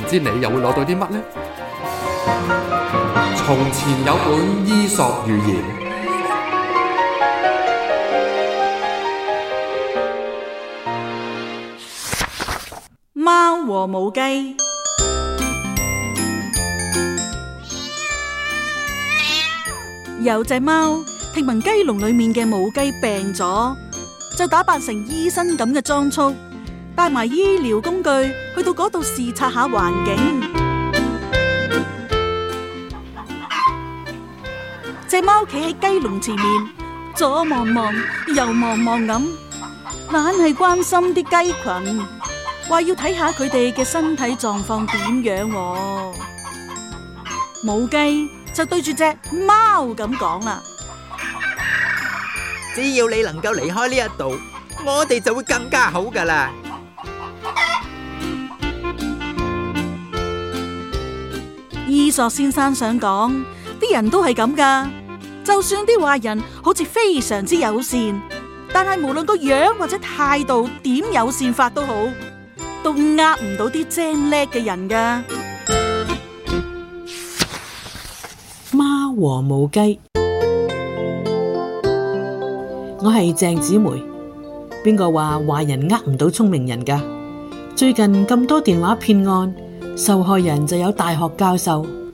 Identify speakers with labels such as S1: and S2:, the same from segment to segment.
S1: 唔知你又會攞到啲乜呢？從前有本伊索寓言，
S2: 貓和母雞。有隻貓聽聞雞籠裡面嘅母雞病咗，就打扮成醫生咁嘅裝束。帶埋醫療工具去到嗰度視察下環境。隻貓企喺雞籠前面，左望望，右望望咁，懶係關心啲雞群，話要睇下佢哋嘅身體狀況點樣。母雞就對住隻貓咁講啦：只要你能夠離開呢一度，我哋就會更
S1: 加好噶啦。
S2: 伊索先生想講，啲人都係咁噶。就算啲壞人好似非常之友善，但係無論個樣或者態度點友善法都好，都呃唔到啲精叻嘅人噶。
S3: 貓和母雞，我係鄭子梅。邊個話壞人呃唔到聰明人噶最近咁多電話騙案，受害人就有大學教授。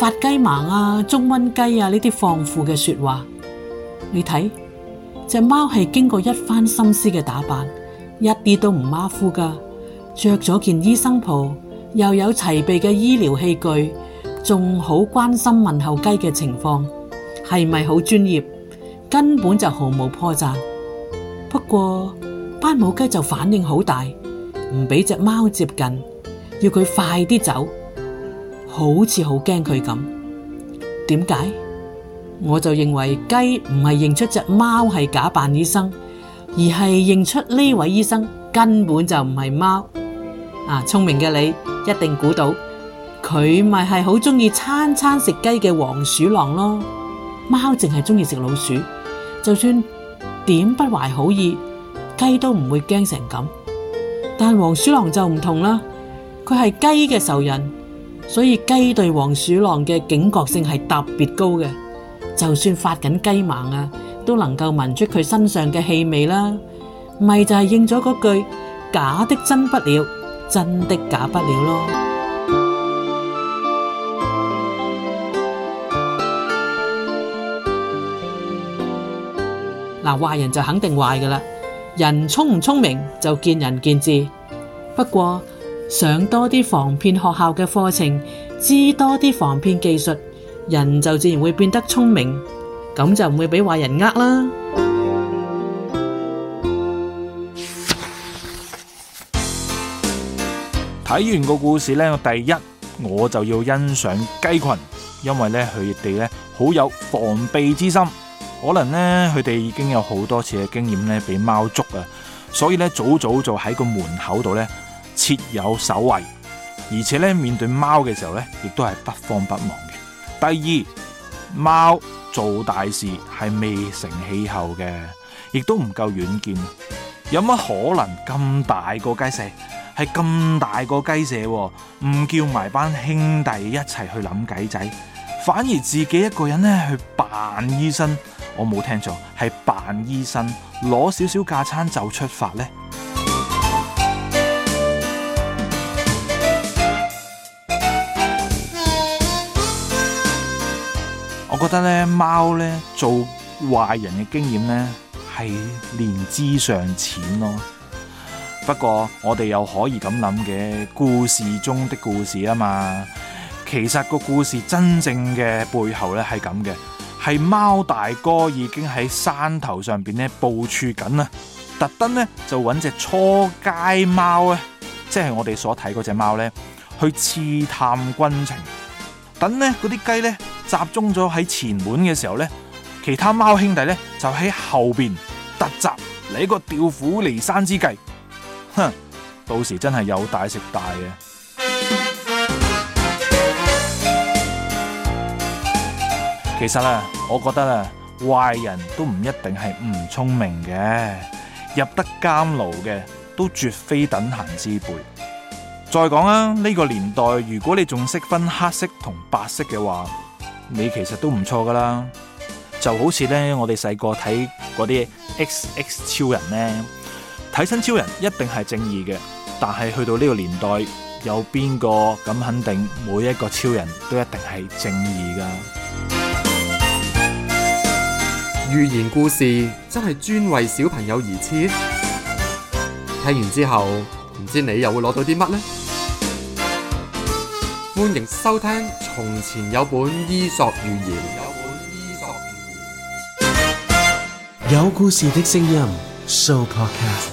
S3: 發雞盲啊，中瘟雞啊，呢啲放肆嘅說話，你睇隻貓係經過一番心思嘅打扮，一啲都唔馬虎噶，着咗件醫生袍，又有齊備嘅醫療器具，仲好關心問候雞嘅情況，係咪好專業？根本就毫無破綻。不過班母雞就反應好大，唔俾隻貓接近，要佢快啲走。好似好驚佢咁，點解？我就認為雞唔係認出隻貓係假扮醫生，而係認出呢位醫生根本就唔係貓。啊，聰明嘅你一定估到，佢咪係好鍾意餐餐食雞嘅黃鼠狼咯。貓淨係鍾意食老鼠，就算點不懷好意，雞都唔會驚成咁。但黃鼠狼就唔同啦，佢係雞嘅仇人。所以雞對黃鼠狼嘅警覺性係特別高嘅，就算發緊雞盲啊，都能夠聞出佢身上嘅氣味啦，咪就係應咗嗰句假的真不了，真的假不了咯。嗱、啊，壞人就肯定壞噶啦，人聰唔聰明就見仁見智，不過，上多啲防騙學校嘅課程，知多啲防騙技術，人就自然會變得聰明，咁就唔會俾壞人呃啦。
S4: 睇完個故事呢，第一我就要欣賞雞群，因為呢，佢哋呢好有防備之心，可能呢，佢哋已經有好多次嘅經驗呢俾貓捉啊，所以呢，早早就喺個門口度呢。設有守衛，而且咧，面對貓嘅時候咧，亦都係不慌不忙嘅。第二，貓做大事係未成氣候嘅，亦都唔夠遠見。有乜可能咁大個雞舍，係咁大個雞舍喎，唔叫埋班兄弟一齊去諗計仔，反而自己一個人咧去扮醫生？我冇聽錯，係扮醫生攞少少架撐就出發咧？我覺得咧貓咧做壞人嘅經驗咧係連枝上淺咯。不過我哋又可以咁諗嘅，故事中的故事啊嘛。其實個故事真正嘅背後咧係咁嘅，係貓大哥已經喺山頭上邊咧部署緊啦。特登咧就搵隻初街貓咧，即係我哋所睇嗰隻貓咧，去刺探軍情，等咧嗰啲雞咧。集中咗喺前門嘅時候呢，其他貓兄弟呢就喺後邊突襲，嚟一個調虎離山之計。哼，到時真係有大食大嘅啊。其實啊，我覺得啊，壞人都唔一定係唔聰明嘅，入得監牢嘅都絕非等閒之輩。再講啊，呢個年代如果你仲識分黑色同白色嘅話。你其實都唔錯噶啦，就好似咧，我哋細個睇嗰啲 X X 超人咧，睇新超人一定係正義嘅，但係去到呢個年代，有邊個咁肯定每一個超人都一定係正義噶？
S1: 寓言故事真係專為小朋友而設，聽完之後，唔知你又會攞到啲乜呢？歡迎收聽，從前有本伊索寓言，有本伊索
S3: 寓言，有故事的聲音 Sooo Podcast。